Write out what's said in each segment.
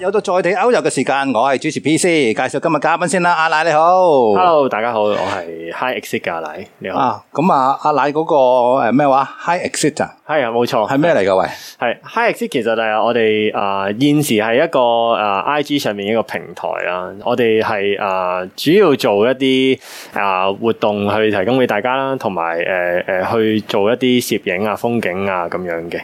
有咗在地 Out 遊嘅時間，我係主持 PC 介紹今日嘉賓先啦。阿奶你好，Hello，大家好，我係 High Exit 嘅阿奶你好。咁啊，阿奶嗰個誒咩話 High Exit 啊？係啊、那個，冇錯，係咩嚟噶？喂，係 High Exit 其實係我哋誒、呃、現時係一個誒、呃、IG 上面一個平台啦。我哋係誒主要做一啲誒、呃、活動去提供俾大家啦，同埋誒誒去做一啲攝影啊、風景啊咁樣嘅。誒、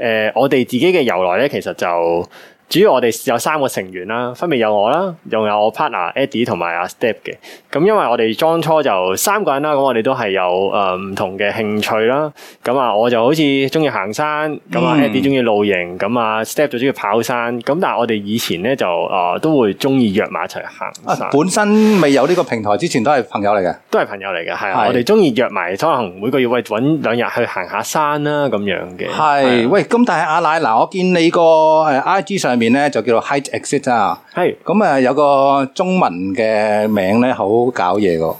呃，我哋自己嘅由來咧，其實就～主要我哋有三個成員啦，分別有我啦，仲有 partner Eddie 同埋阿 Step 嘅。咁因為我哋當初就三個人啦，咁我哋都係有誒唔同嘅興趣啦。咁啊，我就好似中意行山，咁啊 Eddie 中意露營，咁啊 Step 就中意跑山。咁但係我哋以前咧就誒、呃、都會中意約埋一齊行山。啊，本身未有呢個平台之前都係朋友嚟嘅，都係朋友嚟嘅。係的我哋中意約埋，可能每個月揾兩日去行下山啦咁樣嘅。係喂，咁但係阿奶嗱，我見你個誒 IG 上。上面咧就叫做 height exit 啊，係咁啊有個中文嘅名咧好搞嘢噶，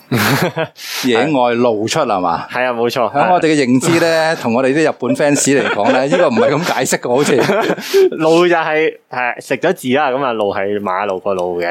野外路出係嘛？係啊，冇錯。喺我哋嘅認知咧，同我哋啲日本 fans 嚟講咧，呢個唔係咁解釋嘅，好似路就係誒食咗字啦，咁啊路係馬路個路嘅，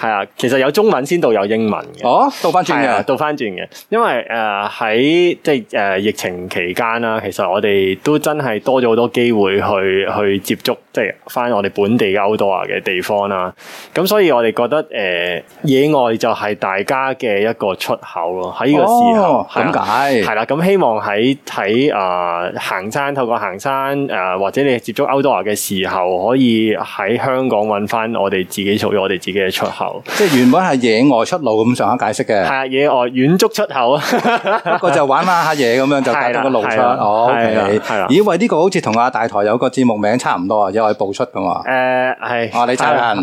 係啊。其實有中文先到有英文嘅，哦，倒翻轉嘅，倒翻轉嘅。因為誒喺即係誒疫情期間啦，其實我哋都真係多咗好多機會去去接觸，即係翻。我哋本地嘅歐多亞嘅地方啦，咁所以我哋覺得誒野外就係大家嘅一個出口咯。喺呢個時候，點解，係啦。咁希望喺睇啊行山，透過行山誒，或者你接觸歐多亞嘅時候，可以喺香港揾翻我哋自己屬於我哋自己嘅出口。即係原本係野外出路咁上下解釋嘅。係啊，野外遠足出口啊，不過就玩下嘢咁樣就搞到個路出。哦，係啊，因為呢個好似同阿大台有個節目名差唔多啊，野外步出。誒，係，啊，你真係，啊，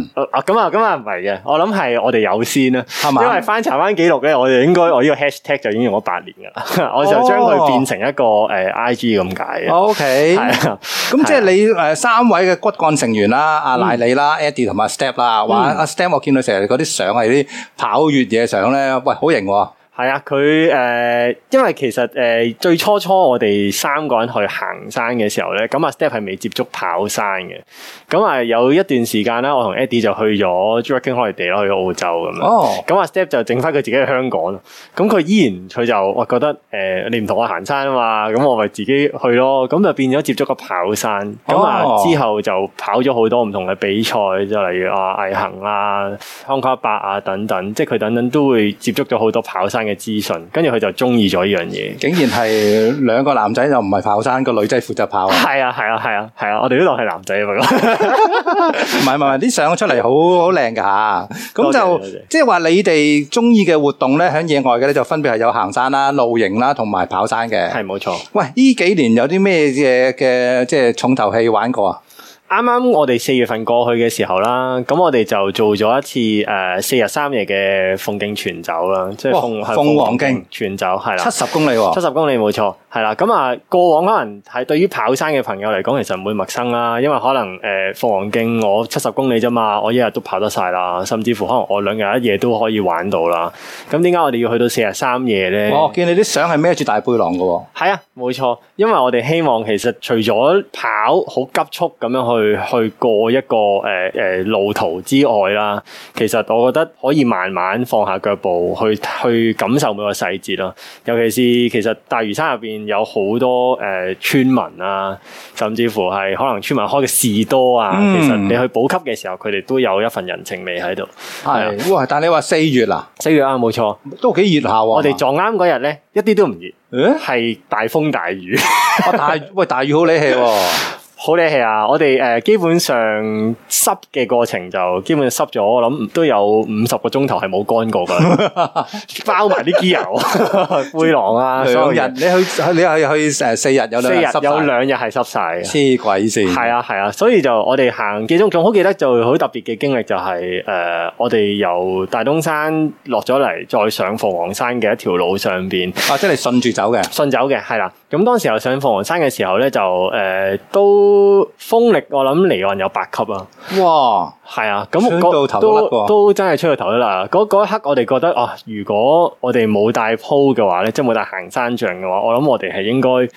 咁啊，咁啊，唔係嘅，我諗係我哋有先啦，係嘛？因為翻查翻記錄咧，我哋應該我呢個 hashtag 就已經用咗八年噶啦，我就將佢變成一個誒 IG 咁解嘅。O K，係啊，咁即係你誒三位嘅骨幹成員啦，阿奶你啦，Eddie 同埋 Step 啦，哇，阿 Step 我見到成日嗰啲相係啲跑越野相咧，喂，好型喎！係啊，佢誒、呃，因為其實誒、呃、最初初我哋三個人去行山嘅時候咧，咁阿 Step 係未接觸跑山嘅，咁啊有一段時間咧，我同 Eddie 就去咗 Working Holiday 咯，去澳洲咁樣。哦，咁阿 Step 就整翻佢自己去香港，咁佢依然佢就我覺得誒、呃，你唔同我行山啊嘛，咁我咪自己去咯，咁就變咗接觸個跑山。咁啊、oh. 之後就跑咗好多唔同嘅比賽，就例如啊毅行啊、康卡百啊，伯啊等等，即係佢等等都會接觸咗好多跑山。嘅資訊，跟住佢就中意咗呢樣嘢。竟然係兩個男仔又唔係跑山，個女仔負責跑啊！係啊， 係啊，係啊，係啊！我哋呢度係男仔啊，唔係唔係唔係，啲相出嚟好好靚噶吓。咁就即係話你哋中意嘅活動咧，喺野外嘅咧就分別係有行山啦、露營啦，同埋跑山嘅。係冇錯。喂，呢幾年有啲咩嘅嘅即係重頭戲玩過啊？啱啱我哋四月份過去嘅時候啦，咁我哋就做咗一次誒四、呃、日三夜嘅鳳徑全走啦，即係鳳鳳凰徑全走係啦，七十公里喎、哦，七十公里冇錯，係啦，咁啊、呃、過往可能係對於跑山嘅朋友嚟講，其實唔會陌生啦，因為可能誒鳳凰徑我七十公里啫嘛，我一日都跑得晒啦，甚至乎可能我兩日一夜都可以玩到啦。咁點解我哋要去到四日三夜咧？哦？我見你啲相係孭住大背囊嘅。哦，係啊，冇錯，因為我哋希望其實除咗跑好急速咁樣去。去去過一個誒誒、呃呃、路途之外啦，其實我覺得可以慢慢放下腳步去去感受每個細節咯。尤其是其實大嶼山入邊有好多誒、呃、村民啊，甚至乎係可能村民開嘅士多啊。嗯、其實你去補給嘅時候，佢哋都有一份人情味喺度。係哇、嗯，但係你話四月啊，四月啊，冇錯，都幾熱下。我哋撞啱嗰日咧，一啲都唔熱，係、嗯、大風大雨，大喂、 哦、大雨好離奇。好咧，係啊！我哋誒，基本上濕嘅過程就基本上濕咗，我諗都有五十個鐘頭係冇乾過噶啦，包埋啲機油、背囊啊，兩日你去你係去誒四日有兩日有兩日係濕晒，黐鬼線，係啊係啊！所以就我哋行幾鐘仲好記得就好特別嘅經歷就係誒，我哋由大東山落咗嚟，再上鳳凰山嘅一條路上邊啊，即係順住走嘅，順走嘅係啦。咁當時候上鳳凰山嘅時候咧，就誒都。都風力，我諗離岸有八級啊！哇，係啊，咁都都，都真係出到頭都喇！嗰嗰一刻，我哋覺得啊，如果我哋冇帶鋪嘅話咧，即係冇帶行山杖嘅話，我諗我哋係應該。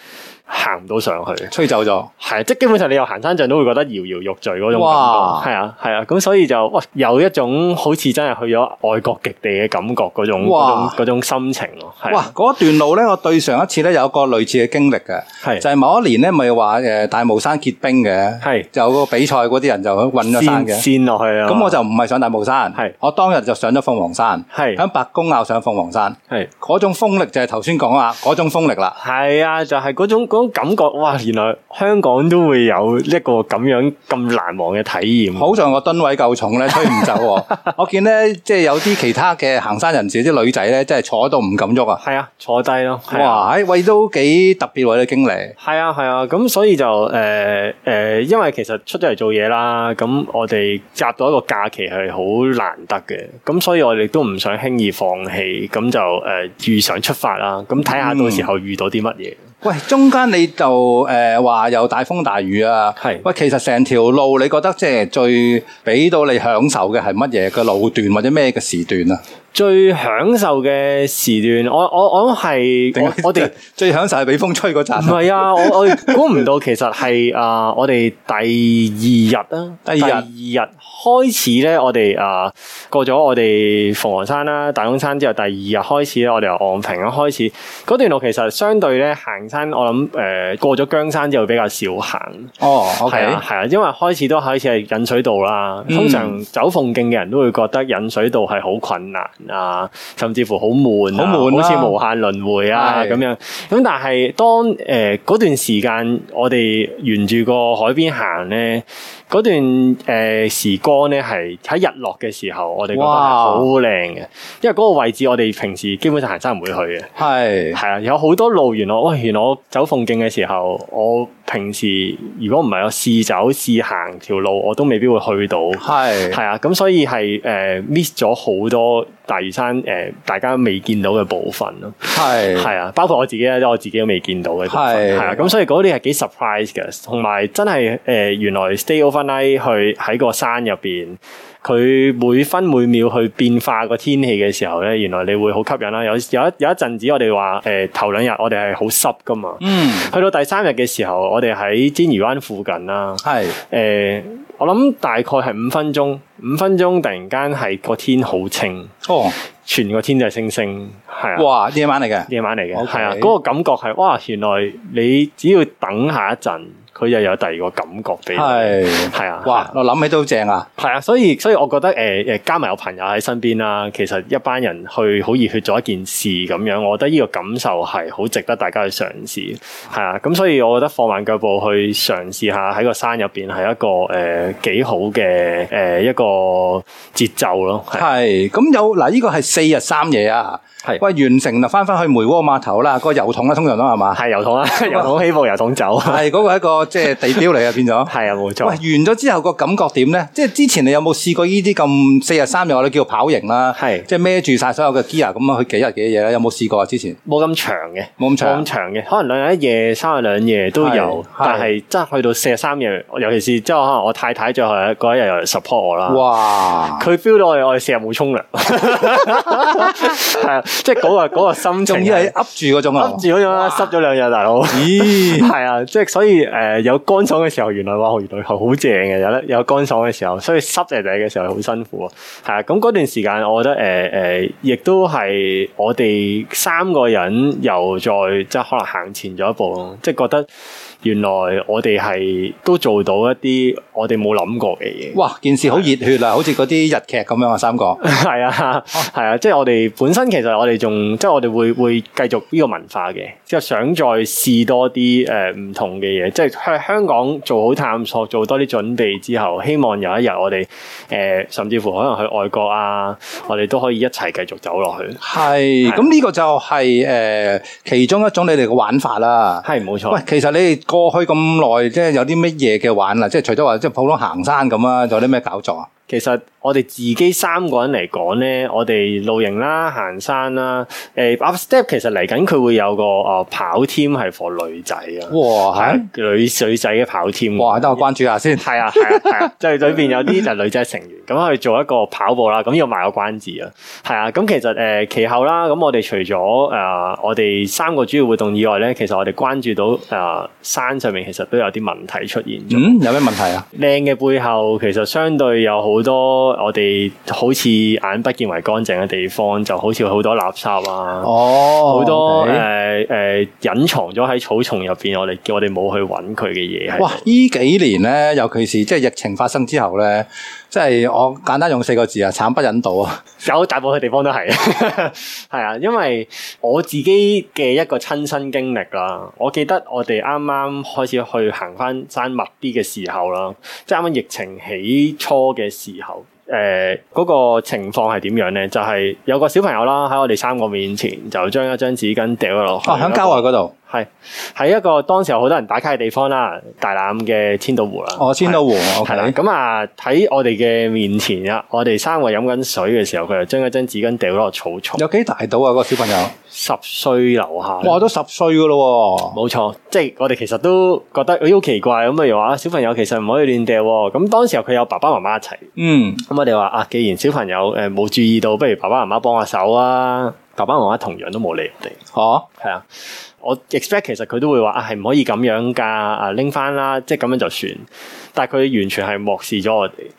行唔到上去，吹走咗，係即係基本上你又行山陣都會覺得搖搖欲墜嗰種感覺，係啊，係啊，咁所以就，哇，有一種好似真係去咗外國極地嘅感覺嗰種，嗰種心情咯，哇，嗰段路咧，我對上一次咧有個類似嘅經歷嘅，係就係某一年咧，咪話誒大帽山結冰嘅，係就個比賽嗰啲人就去搵咗山嘅，跣落去啊，咁我就唔係上大帽山，係我當日就上咗鳳凰山，係喺伯公坳上鳳凰山，係嗰種風力就係頭先講啊，嗰種風力啦，係啊，就係嗰種。種感覺，哇！原來香港都會有一個咁樣咁難忘嘅體驗。好在我噸位夠重咧，推唔走、啊。 我見咧，即係有啲其他嘅行山人士，啲女仔咧，真係坐到唔敢喐啊！係啊，坐低咯。啊、哇，誒，喂，都幾特別嘅經歷。係啊，係啊，咁所以就誒誒、呃呃，因為其實出咗嚟做嘢啦，咁我哋夾到一個假期係好難得嘅，咁所以我哋都唔想輕易放棄，咁就誒預想出發啦，咁睇下到時候遇到啲乜嘢。喂，中間你就誒話又大風大雨啊，係。喂，其實成條路你覺得即係最畀到你享受嘅係乜嘢嘅路段或者咩嘅時段啊？最享受嘅時段，我我我諗係我哋最享受係俾風吹嗰陣。唔係啊，我我估唔到其實係啊、呃，我哋第二日啊，第二日，第二日開始咧，呃、我哋啊過咗我哋鳳凰山啦、大東山之後，第二日開始咧，我哋由昂平開始。嗰段路其實相對咧行山，我諗誒過咗姜山之後比較少行。哦，係、okay. 啊，係啊，因為開始都開始係引水道啦，通常走鳳徑嘅人都會覺得引水道係好困難。啊，甚至乎好悶、啊好悶啊、好悶，好似無限輪迴啊咁的樣。咁但係當誒嗰、呃、段時間，我哋沿住個海邊行咧，嗰段誒、呃、時光咧係喺日落嘅時候，我哋覺得係好靚嘅。哇因為嗰個位置，我哋平時基本上行山唔會去嘅。係係啊，有好多路原來，喂，原來我走鳳徑嘅時候，我。平時如果唔係我試走試行條路，我都未必會去到。係係是啊，咁所以係誒 miss 咗好多大嶼山誒、呃、大家未見到嘅部分咯。係係是啊，包括我自己咧，我自己都未見到嘅。係係是啊，咁所以嗰啲係幾 surprise 嘅，同埋真係誒、呃、原來 stay overnight 去喺個山入邊。佢每分每秒去變化個天氣嘅時候咧，原來你會好吸引啦。有有一有一陣子我，呃、我哋話誒頭兩日我哋係好濕噶嘛，嗯，去到第三日嘅時候，我哋喺煎魚灣附近啦，係誒是、呃，我諗大概係五分鐘，五分鐘突然間係個天好清哦，全個天就星星係啊，哇，夜晚嚟嘅，夜晚嚟嘅，係 Okay 啊，嗰、那個感覺係哇，原來你只要等一下一陣。佢又有第二個感覺俾你，係啊！哇，我諗起都好正啊！係啊，所以所以我覺得誒誒加埋有朋友喺身邊啦，其實一班人去好熱血做一件事咁樣，我覺得呢個感受係好值得大家去嘗試，係啊！咁所以我覺得放慢腳步去嘗試下喺個山入邊係一個誒幾好嘅誒一個節奏咯，係。咁有嗱呢個係四日三夜啊，係。喂，完成就翻返去梅窩碼頭啦，個油桶啊，通常都係嘛，係油桶啊，油桶起步，油桶走，係嗰個係一個。 即係地標嚟 啊，變咗係啊，冇錯。喂，完咗之後個感覺點咧？即係之前你有冇試過呢啲咁四十三日，我哋叫做跑營啦、啊。係是 即係孭住晒所有嘅 gear 咁啊，去幾日幾夜咧？有冇試過啊？之前冇咁長嘅，冇咁長，冇咁長嘅，可能兩日一夜、三日兩夜都有，是是但係真係去到四十三日，尤其是即係可能我太太最後嗰一日又嚟 support 我啦。哇！佢 feel 到我哋我哋四日冇沖涼，係 啊、 那個，即係嗰個嗰個心情係噏住嗰種啊，噏住嗰種啦，濕咗兩日，大佬咦？係 啊， 即係所以誒。呃誒，有乾爽嘅時候，原來哇，原來係好正嘅。有咧，有乾爽嘅時候，所以濕掟掟嘅時候好辛苦啊。係啊，咁嗰段時間，我覺得誒誒、呃呃，亦都係我哋三個人又再即係可能行前咗一步咯，即係覺得。原來我哋係都做到一啲我哋冇諗過嘅嘢。哇！件事熱 好熱血啊，好似嗰啲日劇咁樣啊，三個係 啊，係啊，即係、啊就是、我哋本身其實我哋仲即係我哋會會繼續呢個文化嘅，即就是、想再試多啲誒唔同嘅嘢，即係喺香港做好探索，做多啲準備之後，希望有一日我哋誒、呃、甚至乎可能去外國啊，我哋都可以一齊繼續走落去。係是，咁呢 是個就係、是、誒、呃、其中一種你哋嘅玩法啦。係，冇錯。喂，其實你哋。過去咁耐，即係有啲乜嘢嘅玩啊？即係除咗話即係普通行山咁啊，仲有啲咩搞作啊？其實我哋自己三個人嚟講咧，我哋露營啦、行山啦，誒、呃、，Up Step 其實嚟緊佢會有個誒跑 team 係 for 女仔啊！哇，吓、啊、女女仔嘅跑 team！哇，等我關注下先。係啊，係啊，係啊，即係、啊就是、裏邊有啲就女仔成員，咁 去做一個跑步啦，咁、啊、要賣個關子啊！係、呃、啊，咁其實誒其後啦，咁我哋除咗誒我哋三個主要活動以外咧，其實我哋關注到誒、啊、山上面其實都有啲問題出現。嗯，有咩問題啊？靚嘅背後其實相對有好好多我哋好似眼不見為乾淨嘅地方，就好似好多垃圾啊！哦、oh, okay.，好多誒誒，隱、呃、藏咗喺草叢入邊，我哋叫我哋冇去揾佢嘅嘢。哇！呢幾年咧，尤其是即係疫情發生之後咧。即係我簡單用四個字啊，慘不忍睹啊！有大部分地方都係，係 啊，因為我自己嘅一個親身經歷啦。我記得我哋啱啱開始去行翻山密啲嘅時候啦，即係啱啱疫情起初嘅時候，誒、呃，嗰、那個情況係點樣咧？就係、是、有個小朋友啦，喺我哋三個面前就將一張紙巾掉咗落去，哦，喺郊外嗰度。係喺一個當時有好多人打卡嘅地方啦，大欖嘅千島湖啦。哦，千島湖係啦。咁係。Okay。啊，喺我哋嘅面前啊，我哋三個飲緊水嘅時候，佢就將一張紙巾掉咗個草叢。有幾大到啊？個小朋友十歲樓下，哇，都十歲噶咯。冇錯，即係我哋其實都覺得，咦好奇怪咁啊！話小朋友其實唔可以亂掟。咁當時候佢有爸爸媽媽一齊。嗯。咁我哋話啊，既然小朋友誒冇注意到，不如爸爸媽媽幫下手啊。爸爸媽媽同樣都冇理我哋。哦，係啊，我 expect 其實佢都會話啊，係唔可以咁樣噶，啊拎返啦，即係咁樣就算，但係佢完全係漠視咗我哋，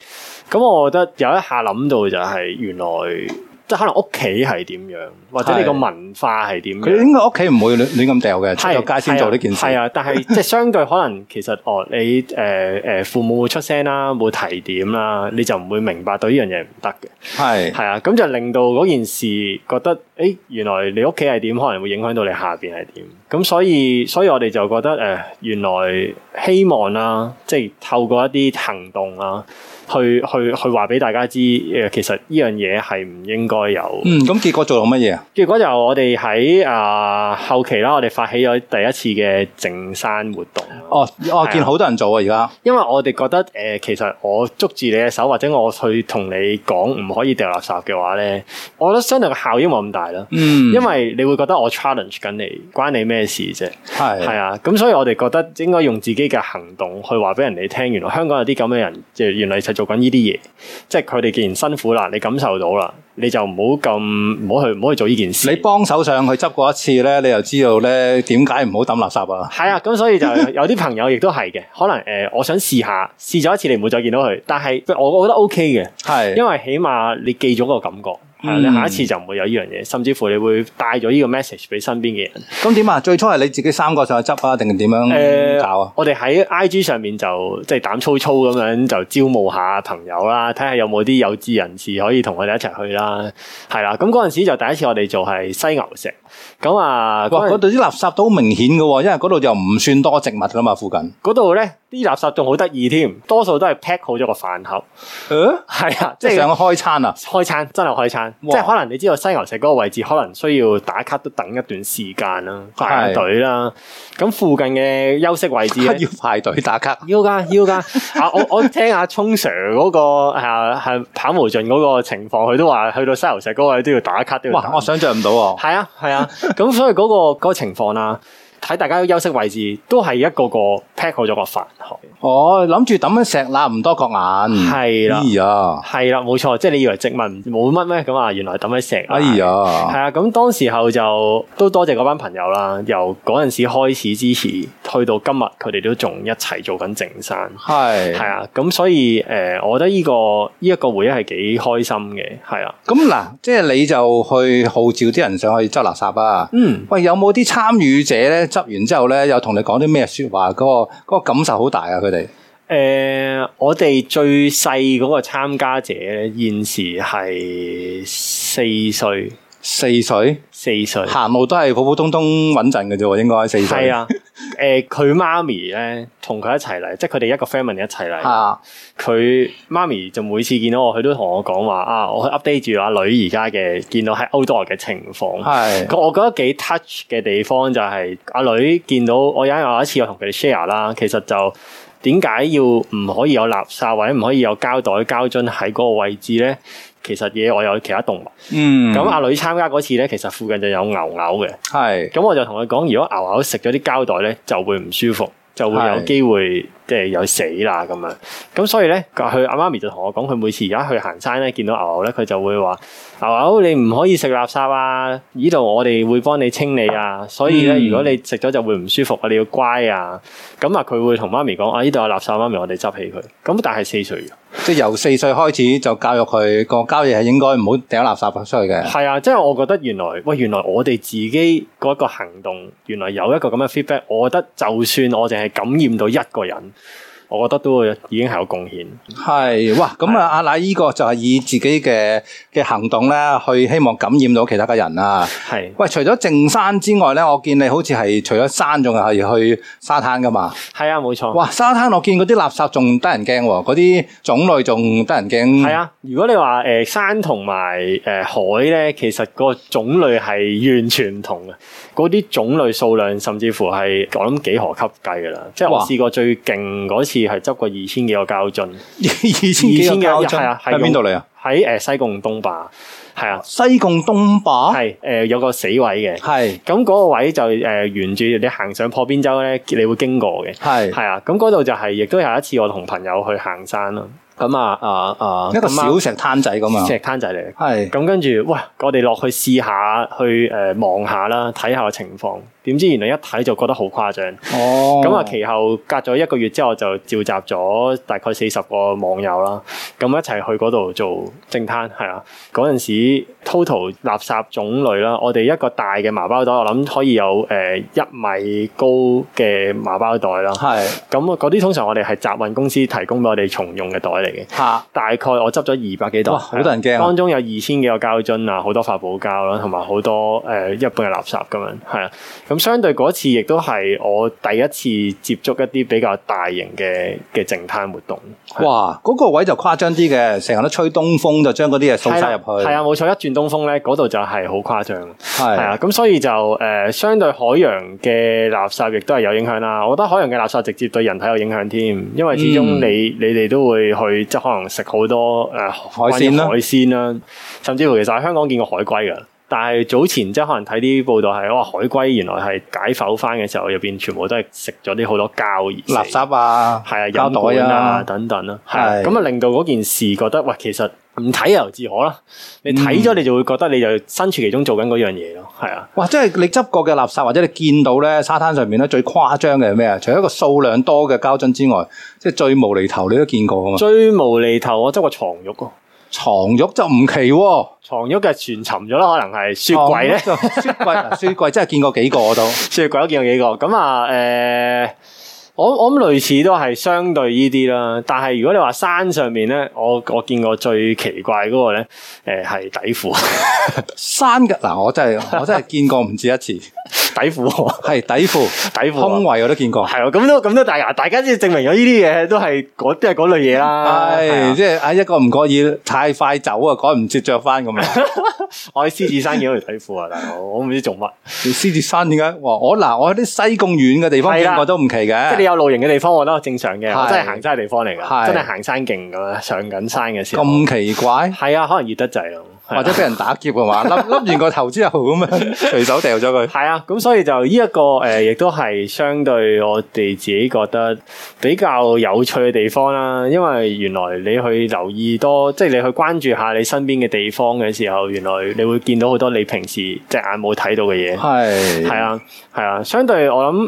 咁我覺得有一下諗到就係原來。即係可能屋企係點樣，或者你個文化係點樣，佢應該屋企唔會亂亂咁掉嘅，出咗街先做呢件事。係啊， 但係即係相對可能，其實哦你誒誒、呃、父母會出聲啦，會提點啦，你就唔會明白到呢樣嘢唔得嘅。係係啊，咁就令到嗰件事覺得誒、欸，原來你屋企係點，可能會影響到你下邊係點。咁所以，所以我哋就覺得誒、呃，原來希望啦、啊，即係透過一啲行動啦、啊。去去去話俾大家知誒，其實呢樣嘢係唔應該有。嗯，咁結果做咗乜嘢啊？結果就我哋喺啊後期啦，我哋發起咗第一次嘅淨山活動哦，我見好多人做啊，而家。因為我哋覺得誒，其實我捉住你嘅手，或者我去同你講唔可以掉垃圾嘅話咧，我覺得相對嘅效益冇咁大啦嗯。因為你會覺得我 challenge 緊你，關你咩事啫？係係啊，咁所以我哋覺得應該用自己嘅行動去話俾人哋聽，原來香港有啲咁嘅人，即係原來。做緊呢啲嘢，即係佢哋既然辛苦啦，你感受到啦，你就唔好咁，唔好去，唔好去做呢件事。你幫手上去執過一次咧，你就知道咧點解唔好抌垃圾啊。係 啊，咁所以就，有啲朋友亦都係嘅，可能誒、呃，我想試下，試咗一次，你唔會再見到佢。但係我我覺得 O K 嘅，係的，因為起碼你記咗個感覺。嗯、下一次就唔會有呢樣嘢，甚至乎你會帶咗呢個 message 俾身邊嘅人。咁點、嗯、啊？最初係你自己三個上去執啊，定係點樣搞啊？呃、我哋喺 IG 上面就即係膽粗粗咁樣就招募下朋友啦、啊，睇下有冇啲有志人士可以同我哋一齊去啦、啊。係啦、嗯，咁嗰陣時就第一次我哋做係犀牛石。咁啊，嗰度啲垃圾都好明顯噶、哦，因為嗰度就唔算多植物噶嘛，附近。嗰度咧，啲垃圾仲好得意添，多數都係 pack 好咗個飯盒。嗯，係啊，即係想開餐啊，開餐真係開餐。即係可能你知道犀牛石嗰個位置，可能需要打卡都等一段時間啦，排隊啦。咁是的 附近嘅休息位置要排隊打卡要，要噶，要噶。 那個、啊，我我聽阿聰 Sir 嗰個啊係跑無盡嗰個情況，佢都話去到犀牛石嗰位都要打卡。哇，我想象唔到。係啊係啊，咁、啊啊、所以嗰、那個、那個情況啊。睇大家休息位置，都係一個個 pack 好咗個飯盒。哦，諗住抌喺石罅唔多覺眼，係啦的，係啦、哎呀，冇錯，即係你以為植物冇乜咩，咁啊，原來抌喺石。哎呀，係啊，咁當時候就都多謝嗰班朋友啦。由嗰陣時開始之前，去到今日，佢哋都仲一齊做緊淨山。係係啊，咁所以誒、呃，我覺得呢、呢個呢一、呢個回憶係幾開心嘅，係啊。咁嗱，即係你就去號召啲人上去執垃圾啊。嗯，喂，有冇啲參與者咧？執完之後咧，又同你講啲咩説話？嗰個嗰個感受好大啊！佢哋，誒，我哋最細嗰個參加者咧，現時係四歲。四歲，四歲歲，行霧都係普普通通穩陣嘅啫，應該四歲。係啊，誒、呃，佢媽咪咧同佢一齊嚟，即係佢哋一個 family 一齊嚟。啊，佢媽咪就每次見到我，佢都同我講話啊，我 update 住阿女而家嘅見到喺 Outdoor 嘅情況。係是，我我覺得幾 touch 嘅地方就係、是、阿女見到我有一有一次我同佢哋 share 啦，其實就點解要唔可以有垃圾或者唔可以有膠袋膠樽喺嗰個位置咧？其實野外有其他動物，嗯，咁阿女參加嗰次咧，其實附近就有牛牛嘅，係，咁我就同佢講，如果牛牛食咗啲膠袋咧，就會唔舒服，就會有機會。即係有死啦咁樣，咁所以咧，佢阿媽咪就同我講，佢每次而家去行山咧，見到牛牛咧，佢就會話牛牛，你唔可以食垃圾啊！呢度我哋會幫你清理啊，所以咧、嗯、如果你食咗就會唔舒服啊，你要乖啊！咁啊，佢會同媽咪講啊，呢度有垃圾，媽咪，我哋執起佢。咁但係四歲，即係由四歲開始就教育佢個交嘢係應該唔好掟垃圾出去嘅。係啊，即係我覺得原來喂，原來我哋自己嗰一個行動，原來有一個咁嘅 feedback。我覺得就算我淨係感染到一個人。我覺得都已經係有貢獻。係，哇！咁啊，是的 阿奶呢個就係以自己嘅嘅行動咧，去希望感染到其他嘅人啊。係，是的 喂，除咗淨山之外咧，我見你好似係除咗山仲係去沙灘噶嘛？係啊，冇錯。哇，沙灘我見嗰啲垃圾仲得人驚，嗰啲種類仲得人驚。係啊，如果你話誒、呃、山同埋誒海咧，其實個種類係完全唔同嘅。嗰啲種類數量，甚至乎係講幾何級計㗎喇。即係我試過最勁嗰次係執過二千幾個膠樽，二千幾個膠樽。係啊，喺邊度嚟啊？喺誒西貢東壩係啊，西貢東壩係誒有個死位嘅，係咁嗰個位就誒沿住你行上破邊洲咧，你會經過嘅，係係啊。咁嗰度就係亦都有一次我同朋友去行山咯。咁啊，啊啊，啊一個小石灘仔咁啊，石灘仔嚟。係，咁跟住，哇！我哋落去試下去，誒望下啦，睇下情況。點知原來一睇就覺得好誇張，咁啊、哦、其後隔咗一個月之後就召集咗大概四十個網友啦，咁一齊去嗰度做淨灘，係啊。嗰陣時 total 垃圾種類啦，我哋一個大嘅麻包袋，我諗可以有誒呃、一米高嘅麻包袋啦。係咁啊，嗰啲通常我哋係集運公司提供俾我哋重用嘅袋嚟嘅。嚇的！大概我執咗二百幾袋，好多人驚。當中有二千幾個膠樽啊，好多發泡膠啦，同埋好多誒、呃、一般嘅垃圾咁樣，係啊。咁相對嗰次亦都係我第一次接觸一啲比較大型嘅嘅淨灘活動。哇！嗰、那個位就誇張啲嘅，成日都吹東風就將嗰啲嘢掃晒入去。係啊，冇錯，一轉東風咧，嗰度就係好誇張。係啊的，咁所以就誒、呃，相對海洋嘅垃圾亦都係有影響啦。我覺得海洋嘅垃圾直接對人體有影響添，因為始終你、嗯、你哋都會去即係可能食好多誒、呃、海鮮海鮮啦，甚至乎其實喺香港見過海龜㗎。但係早前即係可能睇啲報道係，哇，海龜原來係解剖翻嘅時候入邊全部都係食咗啲好多膠垃圾啊，膠係啊袋啊等等咯，係咁啊，令到嗰件事覺得喂，其實唔睇又自可啦，你睇咗你就會覺得你就身處其中做緊嗰樣嘢咯，係啊。哇，即係你執過嘅垃圾或者你見到咧沙灘上面咧，最誇張嘅係咩啊？除咗個數量多嘅膠樽之外，即係最無厘頭你都見過啊嘛？最無厘頭我執過床褥。床褥就唔奇喎。哦，床褥嘅全沉咗啦，可能係雪櫃咧， 雪櫃，雪櫃真係見過幾個都，雪櫃都見過幾個，咁啊，誒、 呃，我我諗類似都係相對呢啲啦，但係如果你話山上面咧，我我見過最奇怪嗰個咧，誒係底褲，褲 山嘅嗱，我真係我真係見過唔止一次。 底褲係底褲，底褲胸圍我都見過，係啊，咁都咁都，但係大，大家即係證明咗呢啲嘢都係嗰、哎是啊、即係類嘢啦。係即係啊一個唔覺意太快走啊，趕唔切着翻咁樣。我喺獅子山見到條底褲啊，大佬，我唔知做乜。獅子山點解？我嗱，我喺啲西貢遠嘅地方見過都唔奇嘅， 即係你有露營嘅地方我都正常嘅，我真係行山嘅地方嚟噶，是的 真係行山徑咁樣上緊山嘅時候。咁奇怪？係啊， 可能熱得滯咯。或者俾人打劫嘅話，笠笠完個頭之後咁樣，隨 手掉咗佢。係啊，咁所以就呢、這、一個誒，亦都係相對我哋自己覺得比較有趣嘅地方啦。因為原來你去留意多，即係你去關注下你身邊嘅地方嘅時候，原來你會見到好多你平時隻眼冇睇到嘅嘢。係係是啊係啊，相對我諗誒誒，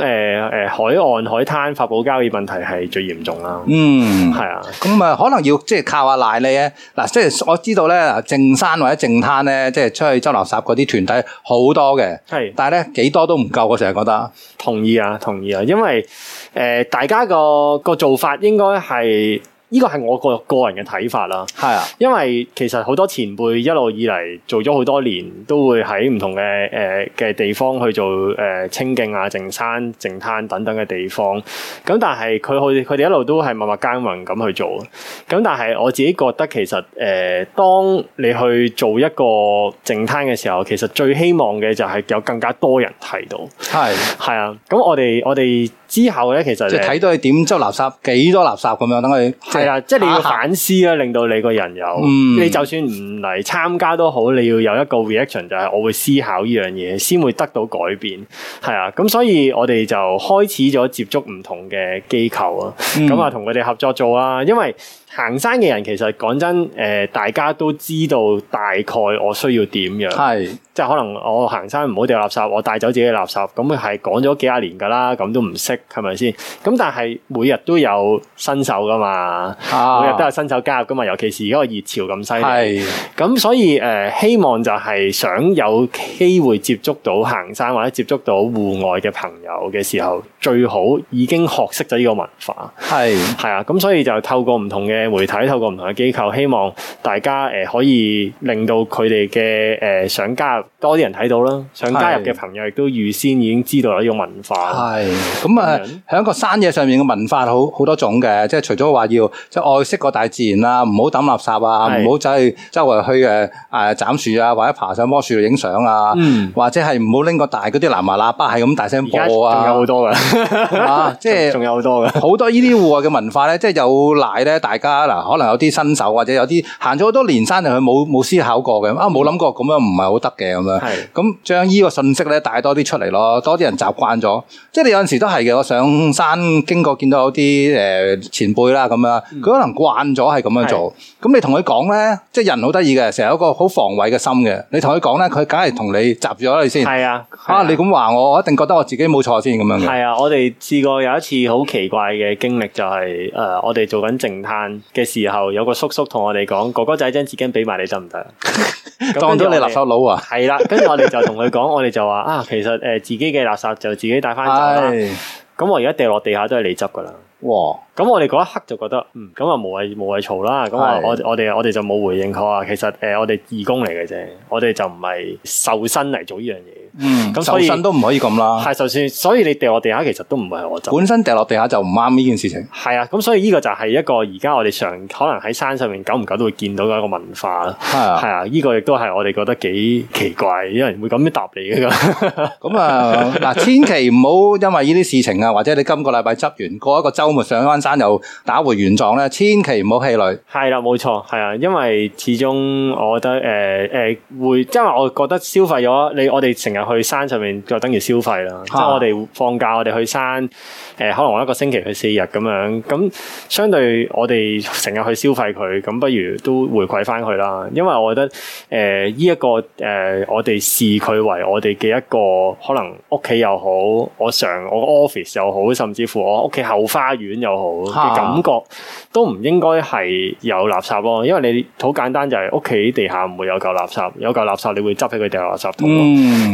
海岸海灘發布交易問題係最嚴重啦、嗯啊嗯。嗯，係啊。咁啊、嗯，可能要即係靠下、啊、賴你啊。嗱，即係我知道咧，淨山或淨灘咧，即係出去執垃圾嗰啲團體好多嘅，係是，但係咧幾多都唔夠，我成日覺得。同意啊，同意啊，因為誒、呃，大家個個做法應該係。呢個係我個個人嘅睇法啦，係啊的，因為其實好多前輩一路以嚟做咗好多年，都會喺唔同嘅誒嘅地方去做誒、呃、清徑啊、淨山、淨灘等等嘅地方。咁但係佢佢佢哋一路都係默默耕耘咁去做。咁但係我自己覺得其實誒、呃，當你去做一個淨灘嘅時候，其實最希望嘅就係有更加多人睇到。係係啊，咁我哋我哋。之後咧，其實即睇到佢點執垃圾，幾多垃圾咁樣，等佢係啦。即係、就是、你要反思啦、啊，令到你個人有，嗯、你就算唔嚟參加都好，你要有一個 reaction，就係我會思考呢樣嘢，先會得到改變。係啊，咁所以我哋就開始咗接觸唔同嘅機構啊，咁啊同佢哋合作做啊，因為，行山嘅人其實講真，誒，大家都知道大概我需要點樣，係是，即係可能我行山唔好掉垃圾，我帶走自己嘅垃圾，咁係講咗幾廿年噶啦，咁都唔識，係咪先？咁但係每日都有新手噶嘛，啊、每日都有新手加入噶嘛，尤其是而家個熱潮咁犀利，係是，咁所以誒、呃，希望就係想有機會接觸到行山或者接觸到戶外嘅朋友嘅時候，最好已經學識咗呢個文化，係是，係啊，咁所以就透過唔同嘅。媒體透過唔同嘅機構，希望大家誒可以令到佢哋嘅誒想加入多啲人睇到啦，想加入嘅朋友亦都預先已經知道啦呢個文化。係咁啊，喺樣個山野上面嘅文化好好多種嘅，即係除咗話要即係愛惜個大自然啦，唔好抌垃圾啊，唔好走去周圍去誒誒斬樹啊，或者爬上棵樹嚟影相啊，嗯、或者係唔好拎個大嗰啲藍牙喇叭係咁大聲播啊，仲有好多噶，啊即係仲有好多嘅， 好多呢啲戶外嘅文化咧，即係有賴咧，大家。嗱，可能有啲新手或者有啲行咗好多年山，人佢冇冇思考過嘅，啊冇諗過咁樣唔係好得嘅咁樣。係咁將依個信息咧，帶多啲出嚟咯，多啲人習慣咗。即係你有陣時都係嘅，我上山經過見到有啲誒前輩啦，咁樣佢可能慣咗係咁樣做。咁你同佢講咧，即係人好得意嘅，成日有一個好防衛嘅心嘅。你同佢講咧，佢梗係同你集住咗你先。係啊，吓你咁話我，我一定覺得我自己冇錯先咁樣嘅。係啊，我哋試過有一次好奇怪嘅經歷，就是，就係誒我哋做緊靜灘嘅時候，有個叔叔同我哋講：哥哥仔，將紙巾俾埋你得唔得？撞咗 你垃圾佬啊！係 啦，跟住我哋就同佢講，我哋就話啊，其實誒，自己嘅垃圾就自己帶翻走啦。咁 我而家掉落地下都係你執噶啦。哇！咁我哋嗰一刻就覺得，嗯，咁啊無謂無謂嘈啦，咁啊我的我哋我哋就冇回應佢啊。其實誒、呃，我哋義工嚟嘅啫，我哋就唔係受薪嚟做呢樣嘢。嗯，受薪都唔可以咁啦。係，就算所以你掉落地下，其實都唔係我，本身掉落地下就唔啱呢件事情。係啊，咁所以呢個就係一個而家我哋常可能喺山上面久唔久都會見到嘅一個文化。係啊的，係啊，呢、這個亦都係我哋覺得幾奇怪，有人會咁樣答你嘅。咁啊，嗱，千祈唔好因為呢啲事情啊，或者你今個禮拜執完，過一個周末上山又打回原狀咧，千祈唔好氣餒，係啦，冇錯，係啊，因為始終我覺得誒誒、呃呃、會，因為我覺得消費咗你，我哋成日去山上面就等於消費啦。啊、即係我哋放假，我哋去山誒、呃、可能玩一個星期，去四日咁樣。咁相對我哋成日去消費佢，咁不如都回饋翻佢啦。因為我覺得誒呢、呃這個呃、一個誒我哋視佢為我哋嘅一個可能屋企又好，我上我 office 又好，甚至乎我屋企後花園又好。嘅感覺都唔應該係有垃圾咯，因為你好簡單就係屋企地下唔會有嚿垃圾，有嚿垃圾你會執喺佢地下垃圾桶咯。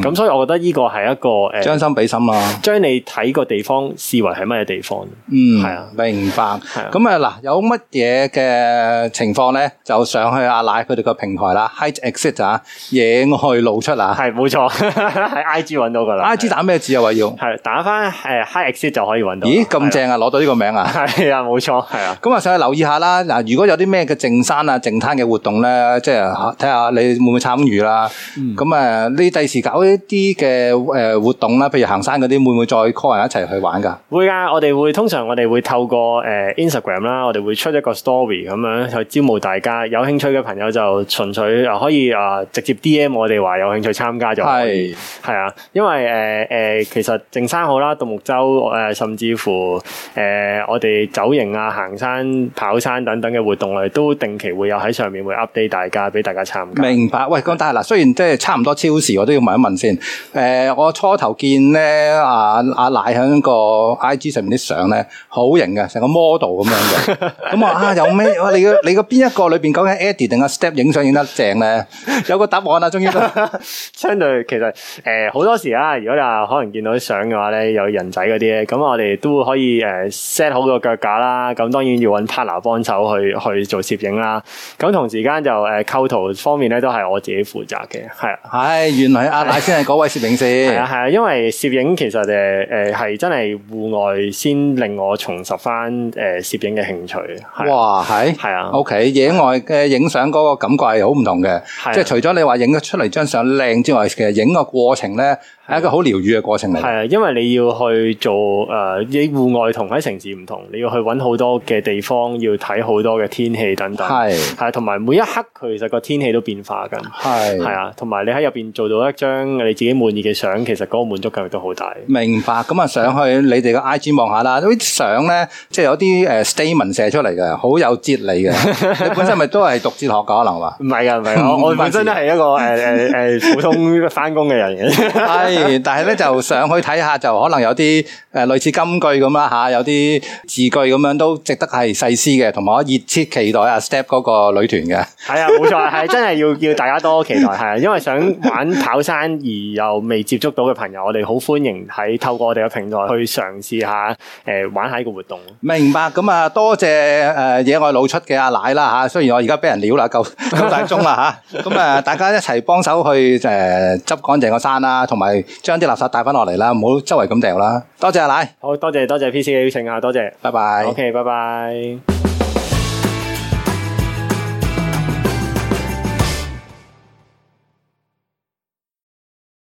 咁所以我覺得呢個係一個誒，將心比心啦，將你睇個地方視為係乜嘢地方。嗯，係啊，明白。咁啊嗱，有乜嘢嘅情況咧，就上去阿奶佢哋個平台啦，High Exit 啊，野外路出啊，係冇錯，喺 IG 搵到噶啦，IG 打咩字啊話要？係打翻誒 High Exit 就可以搵到。咦，咁正啊，攞到呢個名啊。係啊，冇錯，係啊。咁啊，上去留意下啦。嗱，如果有啲咩嘅淨山啊、淨灘嘅活動咧，即係睇下你會唔會參與啦。咁啊、嗯，你第時搞一啲嘅誒活動啦，譬如行山啲，會唔會再 call 人一齊去玩噶會啊，我哋會通常我哋會透過誒、呃、Instagram 啦，我哋會出一個 story 咁樣去招募大家。有興趣嘅朋友就純粹啊可以啊直接 DM 我哋話有興趣參加就係，係啊，因為誒誒、呃呃，其實淨山好啦，獨木舟誒，甚至乎誒、呃，我哋。走營啊、行山、跑山等等嘅活動啊，都定期會有喺上面會 update 大家，俾大家參加。明白。喂，講大係嗱，雖然即係差唔多，超時我都要問一問先。誒、呃，我初頭見咧，阿阿奶喺個 IG 上面啲相咧，好型嘅，成個 model 咁樣嘅。咁 我啊，有咩？你嘅你嘅邊一個裏邊，究竟 Eddie 定阿 Step 影相影得正咧？ 有個答案啦，終於都。相對其實，誒、呃，好多時啊，如果你話可能見到啲相嘅話咧，有人仔嗰啲咧，咁我哋都可以誒 set 好個。腳架啦，咁當然要揾 partner 幫手去去做攝影啦。咁同時間就誒構圖方面咧，都係我自己負責嘅。係、啊，唉，原來阿奶先係嗰位攝影師。係 啊，係啊，因為攝影其實誒誒係真係戶外先令我重拾翻誒攝影嘅興趣。哇，係，係啊。啊、o、okay, K，野外嘅影相嗰個感覺係好唔同嘅，啊、即係除咗你話影咗出嚟張相靚之外，其實影個過程咧。係一個好療愈嘅過程嚟。係啊，因為你要去做誒啲、呃、戶外同喺城市唔同，你要去揾好多嘅地方，要睇好多嘅天氣等等。係係的，同埋每一刻佢其實個天氣都變化緊。係係啊，同埋你喺入邊做到一張你自己滿意嘅相，其實嗰個滿足感亦都好大。明白，咁、嗯、啊上去你哋個 IG 望下啦，啲相咧即係有啲誒 statement 寫出嚟嘅，好有哲理嘅。 你本身係咪都係讀哲學噶可能話？唔係啊，唔係我， 我本身都係一個誒誒誒普通返工嘅人。 哎但係咧就上去睇下，就可能有啲誒類似金句咁啦嚇，有啲字句咁樣都值得係細思嘅，同埋我熱切期待啊 Step 嗰個女團嘅。係啊，冇錯，係真係要要大家多期待，係啊，因為想玩跑山而又未接觸到嘅朋友，我哋好歡迎喺透過我哋嘅平台去嘗試下誒玩下呢個活動。明白，咁啊多謝誒野外路出嘅阿奶啦嚇，雖然我而家俾人撩啦，夠夠大鐘啦嚇，咁啊大家一齊幫手去誒執乾淨個山啦，同埋。將啲垃圾帶翻落嚟啦，唔好周圍咁掉啦。多謝阿奶，好多謝多謝 PC 嘅邀請啊，多謝，多謝多謝拜拜。OK，拜拜。